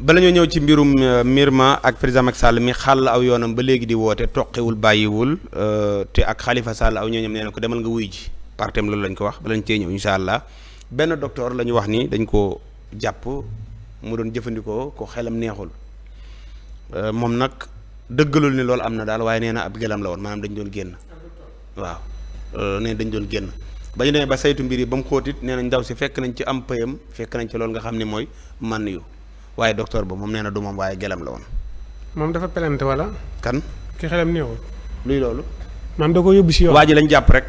bala ñoo ñëw ci mbirum euh, Mirma ak président Macky sàll mi xàll aw yoonam ba léegi di woote toqiwul bàyyiwul euh, te ak Khalifa Sall aw ñooñam nee na ko demal nga wuy ji partem loolu lañ ko wax bala ñu cee ñëw incha allah benn docteur la ñu wax ni dañ ko jàpp mu doon jëfandikoo ko xelam neexul euh, moom nag dëggalul ni loolu am na daal waaye nee na ab gëlam la woon maanaam dañu doon génn waaw nee dañ doon génn bañ ñu demee ba saytu mbir yi ba mu nee nañ ndaw si fekk nañ ci am payam fekk nañ ci loolu nga xam ni mooy man yu waaye docteur ba moom nee na du moom waaye gelam la woon. moom dafa pelante wala. kan. ki xelam néewul. luy loolu. maam da koo yóbbu si yoon. waa ji lañ jàpp rek.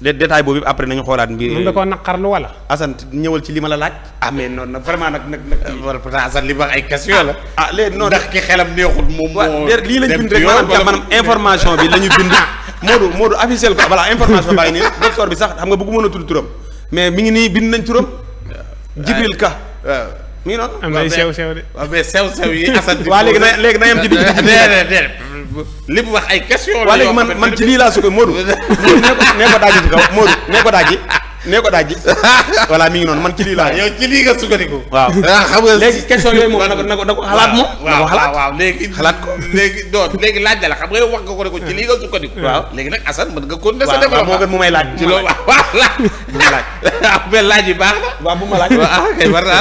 de détail boobu après nañu xoolaat mbir. moom da koo naqarlu wala. Assane ñëwal ci li ma la laaj. ah mais noonu vraiment nag nag nag. Ah. pourtant Assane li ah, la. ah léegi noonu ndax ki xelam néexul moom moo. lii lañ bind rek maanaam maanaam information bi la ñu bind. Modou Modou officiel ko voilà information baa ngi nii docteur bi sax xam nga bëggu mën a tudd turam mais mi ngi nii bind nañ turam. Ah. Jibril Ka. mi ngi noonu. am léegi na léegi na yem ci li mu wax ay question la léegi man man ci lii laa sukk Modou. ne ko ne ko daaji kaw Modou ne ko daaji nee ko daaj voilà mi ngi noonu man ci lii laa yow ci lii nga sukkandiku waaw ah, xam nga xalaat moom na ko xalaat waaw léegi laaj la la xam nga wax ko ne ko ci lii nga sukkandiku waaw léegi nag Assane mën nga continuer sa développement laaj ah, laaj yi baax na waaw bu ma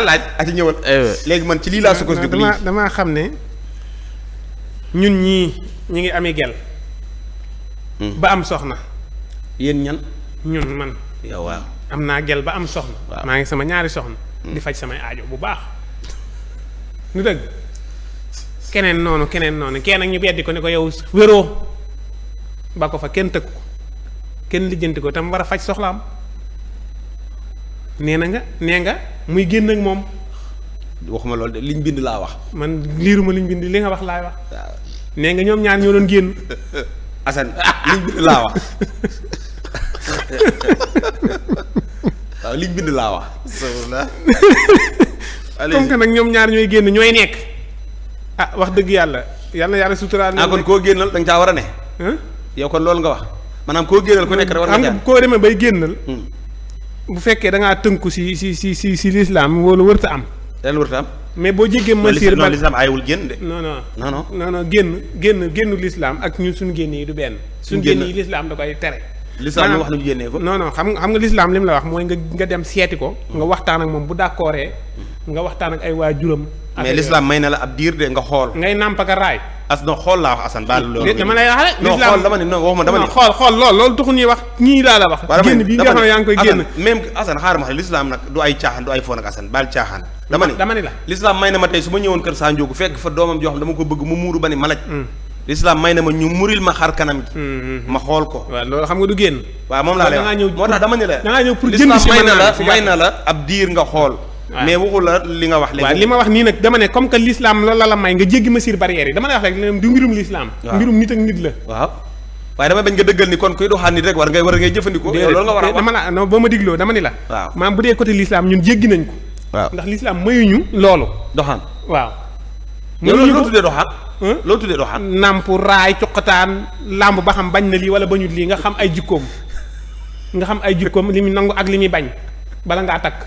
laaj ak ñëwal eh, léegi man ci lii laa sukkandiku lii damaa xam ne ñun ñii ñi ngi amee gel hmm. ba am soxna yéen ñan ñun man yow waaw. am naa gel ba am soxna. maa ngi sama ñaari soxna. ni hmm. faj samay aajo bu baax. nu dëgg keneen noonu keneen noonu kenn ak ñu beddi ko ne ko yow wéroo ba ko fa kenn tëkk ko kenn lijjanti ko tam war a faj soxlaam nee na nga nee nga muy génn ak moom. waxuma loolu liñ bind laa wax. man liiruma liñ bind li nga wax laay wax. nee nga ñoom ñaar ñoo doon génn. Assane liñ bind laa wax. waaw liñ bind laa wax. comme que nag ñoom ñaar ñooy génn ñooy nekk. ah wax dëgg yàlla yal na yàlla suturaal. ah koo génnal da nga caa war a ne. yow kon loolu nga wax maanaam koo génnal ku nekk rek war nga caa koo demee bay hmm. bu fekkee da ngaa tënku si si si si si lislaam wala wërta am. daal wërta am. mais boo jéggee masir ba lislaam aayul génn de. non non non non génn génn génnu lislaam ak ñun suñu génn yi du benn. suñu génn yi lislaam da koy tere. lislaam li wax lu génnee ko non non xam nga xam nga lislaam li mu la wax mooy nga nga dem seeti ko nga waxtaan ak moom bu d'accordee nga waxtaan ak ay waajuram mais lislaam may na la ab diir nga xool ngay nàmpaka raay as no xool xool dama ne non waxuma xool xool lool loolu taxu ñuy wax ñii laa la wax génn bi nga xam ne yaa ngi koy génn même asan xaaral ma xam ne lislaam nag tey su ma ñëwoon kër Sanjoogu fekk fa doomam joo xam dama ko bëgg mu muuru ba ne malaj mm. l'islam may na ma ñu muril ma xar kanam gi mm-hmm. ma xool ko waaw loolu xam nga du génn waaw moom laa lay moo tax dama ne la la may na la ab diir nga xool mais li nga wax waaw li ma wax nii nag dama ne comme que l'islam loolu la la may nga jéggi mesure barrière yi dama lay wax rek du mbirum l'islam mbirum nit ak nit la waaw waaye dama bañ nga dëggal ni kon kuy doxaan nit rek war ngay war ngay jëfandikoo loolu nga war a wax dama la non boo ma digloo dama ni la waaw maam bu dee côté l'islam ñun jéggi nañ ko waaw ndax l'islam mayuñu loolu doxaan waaw loolu loo tuddee doxaan loo tuddee doxaan nàmp raay cuqataan làmb ba xam bañ na lii wala bañut lii nga xam ay jikkoom nga xam ay jikkoom li muy nangu ak li muy bañ bala ngaa takk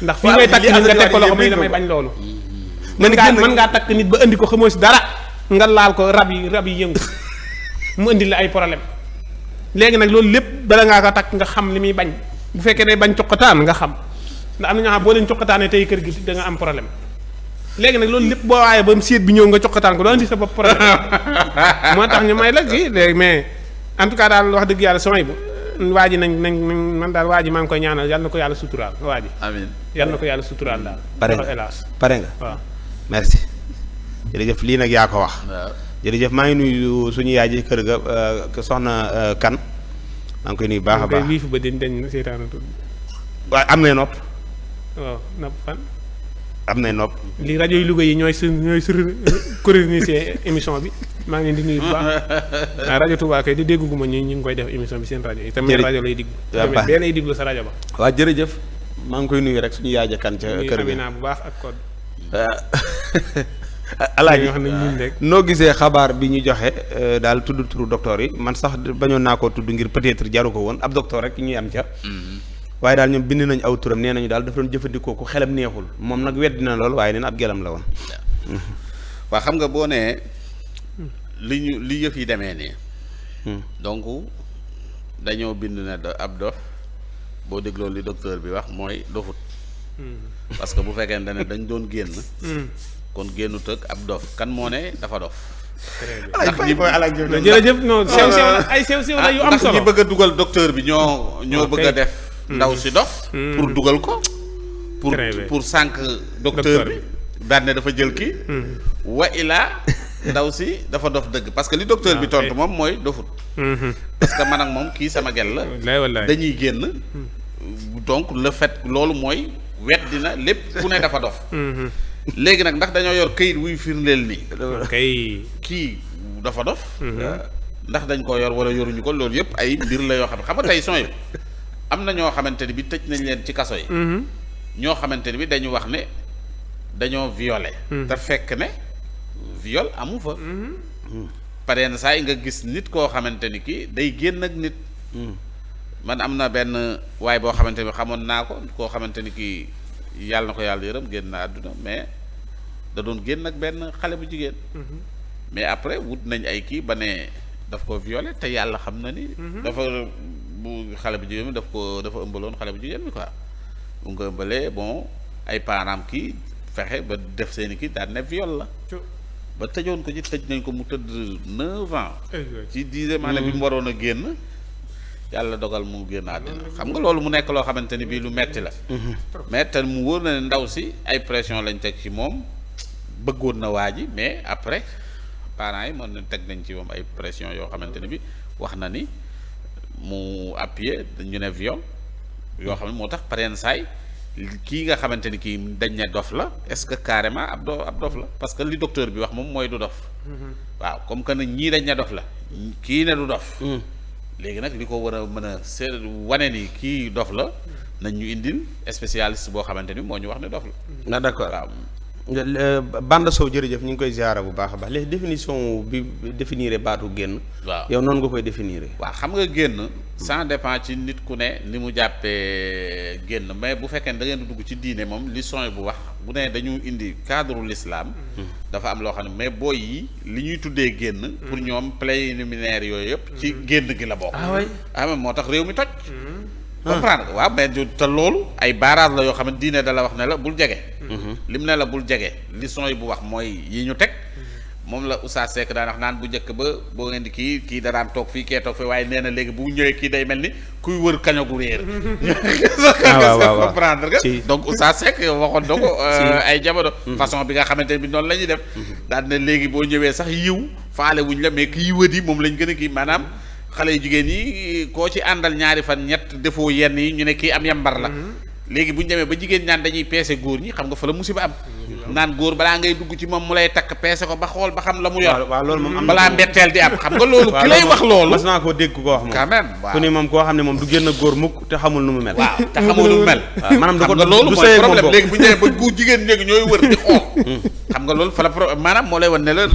ndax fii ngay takk nit nga teg ko loxo muy la bañ loolu mm-hmm. mën ngaa mën ngaa takk nit ba indi ko xamoo si dara nga laal ko rab yi rab yi yëngu mu indi la ay problème léegi nag loolu lépp bala ngaa ko takk nga xam li muy bañ bu fekkee day bañ cuqataan nga xam ndax am na ñoo xam boo leen cuqataanee tey kër gi da nga am problème léegi nag loolu lépp boo waaye ba mu séet bi ñëw nga coqataan ko doo andi sa bopp problème moo tax ñu may la léegi mais en tout cas daal wax dëgg yàlla samay bu waa ji nañ nañ man daal waa ji maa ngi koy ñaanal yal na ko yàlla suturaal waa ji. amiin yal ko yàlla suturaal daal. pare nga pare nga waaw. jërëjëf lii nag yaa ko wax. jërëjëf maa ngi nuyu suñu yaay ji kër ga euh, soxna euh, kan maa ngi koy nuyu baax a baax. ba dañ am na nopp. Oh, nopp am nay nopp. lii rajo yu Louga yi ñooy su ñooy sur chroniser émission bi maa ngi leen di nuyu baax ah rajo Touba di dégg gu ma ñu ngi koy def émission bi seen rajo yi. tamit rajo lay digg. tamit bee lay sa rajo ba. waa jërëjëf maa ngi koy nuyu rek suñu yaay ja kan ca kër gi bu baax ak code. Ah. alaaji noo gisee xabaar bi ñu joxe euh, daal tudd turu docteur yi man sax bañoon naa koo tudd ngir peut-être jaru ko woon ab docteur rek ñuy am ca. Mm-hmm. waaye daal ñoom bind nañ aw turam nee nañu daal dafa doon jëfandikoo ku xelam neexul moom nag weddi na lool waaye nee na ab gelam la woon. waa xam nga boo nee li ñu li yëf yi demee nii. Hmm. donc dañoo bind ne ab dof boo dégloo li docteur bi wax mooy dofut. Hmm. parce que bu fekkee ne dañ doon génn. Hmm. kon génnu tëg ab dof kan moo ne dafa dof. ndax ñi booy alaaj jërëjëf non sew sew ay sew bëgg a dugal docteur bi ñoo ñoo ah, bëgg a def. ndaw si dof hmm. pour dugal ko pour pour sànq docteur bi daan ne dafa jël kii hmm. wa ilaa ndaw si dafa dof dëgg parce que li docteur bi ah, tontu moom mooy dofut hmm. parce que man ak moom kii sama gel la dañuy génn donc le fait loolu mooy wet dina lépp ku ne dafa dof léegi nag ndax dañoo yor këyit wuy firndeel nii kay kii dafa dof ndax dañ koo yor wala yoruñu ko loolu yëpp ay mbir la yoo xam ne xam nga tey son am na ñoo xamante ni bi tëj nañ leen ci kaso yi. Mm-hmm. ñoo xamante ni bi dañu wax ne dañoo violé. Mm-hmm. te fekk ne viol amu fa. Mm-hmm. Mm. pare na saa yi nga gis nit koo xamante ni kii day génn ak nit. Mm. man am na benn waaye boo xamante ni xamoon naa ko koo xamante ni kii yàlla na ko yàlla yërëm génn na mais da doon génn ak benn xale bu jigéen. mais après wut nañ ay kii ba ne daf ko violé te yàlla xam na ni. dafa bu xale bu jigéen bi daf ko dafa ëmbaloon xale bu jigéen bi quoi bu nga ëmbalee bon ay parents kii fexe ba def seeni kii daal ne viol la ba tëjoon ko ci tëj nañ ko mu tëdd neuf ans ci dixième année bi mu waroon a génn yàlla dogal mu génn àddina xam nga loolu mu nekk loo xamante ni bii lu metti la mm-hmm. mais te mu wóor na ne ndaw si ay pression lañ teg ci moom bëggoon na waa ji mais après parents yi mën na teg nañ ci moom ay pression yoo xamante ne bi wax na ni mu appuyer ñu ne viol yoo xam ne moo tax pareen saay kii nga xamante ni kii dañ ne dof la est-ce que carrément ab do ab dof la parce que li docteur bi wax moom mooy du dof waaw comme que ne ñii dañ ne dof la kii ne du dof léegi nag li ko war a mën a se wane ni kii dof la nañ ñu indi spécialiste boo xamante ni moo ñu wax ne dof la na ah, d'accord Euh, Banda Sow jërëjëf ñu ngi koy ziara bu baax a baax léegi définition bi définir baatu génn. waaw yow noonu nga koy définir. waa xam nga génn. sans dépend ci nit ku ne ni mu jàppee génn mais bu fekkee ne da ngeen dugg ci diine moom li son bu wax bu ne dañu indi cadre lislaam dafa am loo xam ne mais booy yi li ñuy tuddee génn. pour ñoom préliminaire yooyu yëpp. ci génn gi la bokk. ah, ah moo tax réew mi toj. Hmm. comprendre nga waaw mais te loolu ay baaraas la yoo xam ne diine dala wax ne la bul jege. lim ne la bul jege li son yi bu wax mooy yi ñu teg moom la Oustaz Seck daan naan bu njëkk ba boo ngeen di kii kii daraan toog fii kee toog fii waaye nee na léegi bu ñëwee kii day mel ni kuy wër kaño gu réer. Ah, waaw waaw comprendre donc Oustaz Seck waxoon na euh, ay jamono. Mm-hmm. façon bi nga xamante bi noonu lañuy ñuy def. Mm-hmm. daan na léegi boo ñëwee sax yiw faale wuñ la mais kii wër yi moom lañ gën a kii maanaam. Mm-hmm. xale yi jigéen yi koo ci àndal ñaari fan ñett defoo yenn yi ñu ne kii am yambar la. léegi bu ñu demee ba jigéen ñaan dañuy peese góor ñi xam nga fa la musiba am naan góor balaa ngay dugg ci moom mu lay takk peese ko ba xool ba xam la mu yor waaw loolu moom am balaa mbetteel di am xam nga loolu ki lay naa koo dégg ko wax moom quand koo xam ne moom du génn góor mukk te xamul nu mu mel waaw te xamul nu mu mel maanaam du ko loolu mooy problème léegi bu ñu ba jigéen ñooy wër di xool hmm. xam nga loolu fa la problème maanaam moo lay wan ne la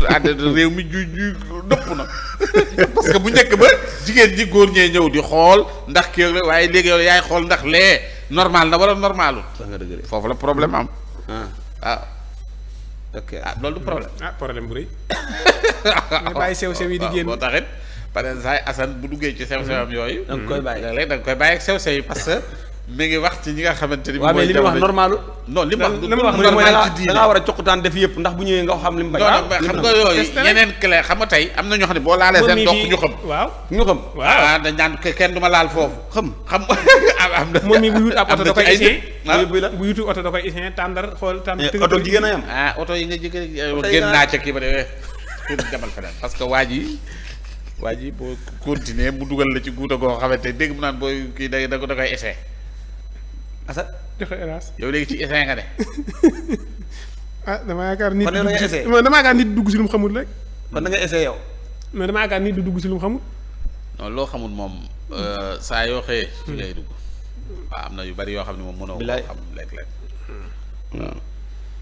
réew mi ju ju dëpp na parce que bu njëkk ba jigéen ñi góor ñee ñëw di xool ndax kii waaye léegi yaay xool ndax lee normal na wala normalul foofu la problème am ah. waaw ok ah loolu du problème ah problème bu rëy mais bàyyi sew sew yi di génn boo taxit par exemple Assane bu duggee ci sew sewam yooyu da nga koy bàyyi da nga koy bàyyi ak sew sew yi parce que mi ngi wax ci ñi nga xamante ni. mooy mu wax normalu non li mu wax li mu wax mooy war a cokkutaan def yëpp ndax bu ñëwee nga xam li mu bañ. ah xam nga yooyu yeneen clé xam nga tey am na ñoo xam ne boo laalee seen dox ñu xam. xam. waaw ah, dañ naan kenn du ma laal foofu xam. xam am na moom a bu wut ab ah. oto da koy essayé bu bu yutu oto da oto jigéen a ah, yi nga jigéen génn naa ca kii ba de eh, demal feneen parce que waa ji waa ji boo continuer mu dugal la ci guuta goo xamante dégg mu naan booy kii da da Assane. joxe yow léegi ci essai nga de. ah dama yaakaar nit. kon yow dama dugg si lu mu xamul rek. kon da nga essayé yow. mais dama yaakaar nit dugg si lu mu xamul. non loo xamul moom euh, saa yoo xëyee. ci lay dugg. waaw am na yu bari yoo xam ne moom mënoo. bilaay xam léeg-léeg.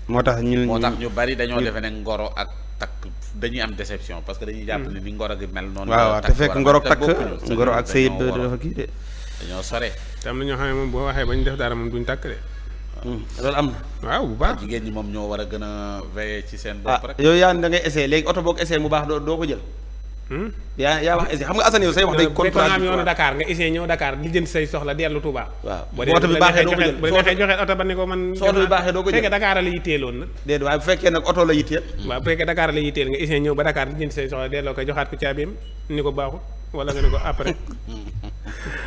moo tax ñu moo tax ñu bari dañoo defe ne ngoro ak takk dañuy am déception parce que dañuy jàpp ne hmm. ni ngoro gi mel. noonu waaw te fekk ngoro takk ngoro ak sëyit dafa kii de. dañoo sore. te am ñoo xam ne moom boo waxee ba ñu def dara moom duñ tàkk de. Hmm. loolu am na. waaw bu baax jigéen ñi moom ñoo war a gën a veiller ci seen bopp ah, rek. yow yaa oto boo ko baax doo doo ko jël. Hmm? yaa yaa wax essayer xam nga Assane yow say wax day. contrat am yoonu Dakar nga essayer ñëw Dakar oto bi baaxee doo ko jël ne ko man. soo oto bi baaxee doo ko waaye bu fekkee nag oto la yitteel. Hmm. waaw bu fekkee Dakar yitteel nga essayer ñëw ba Dakar li jënd say soxla delloo ko joxaat ko caabiam ni ko baaxul wala nga ne ko après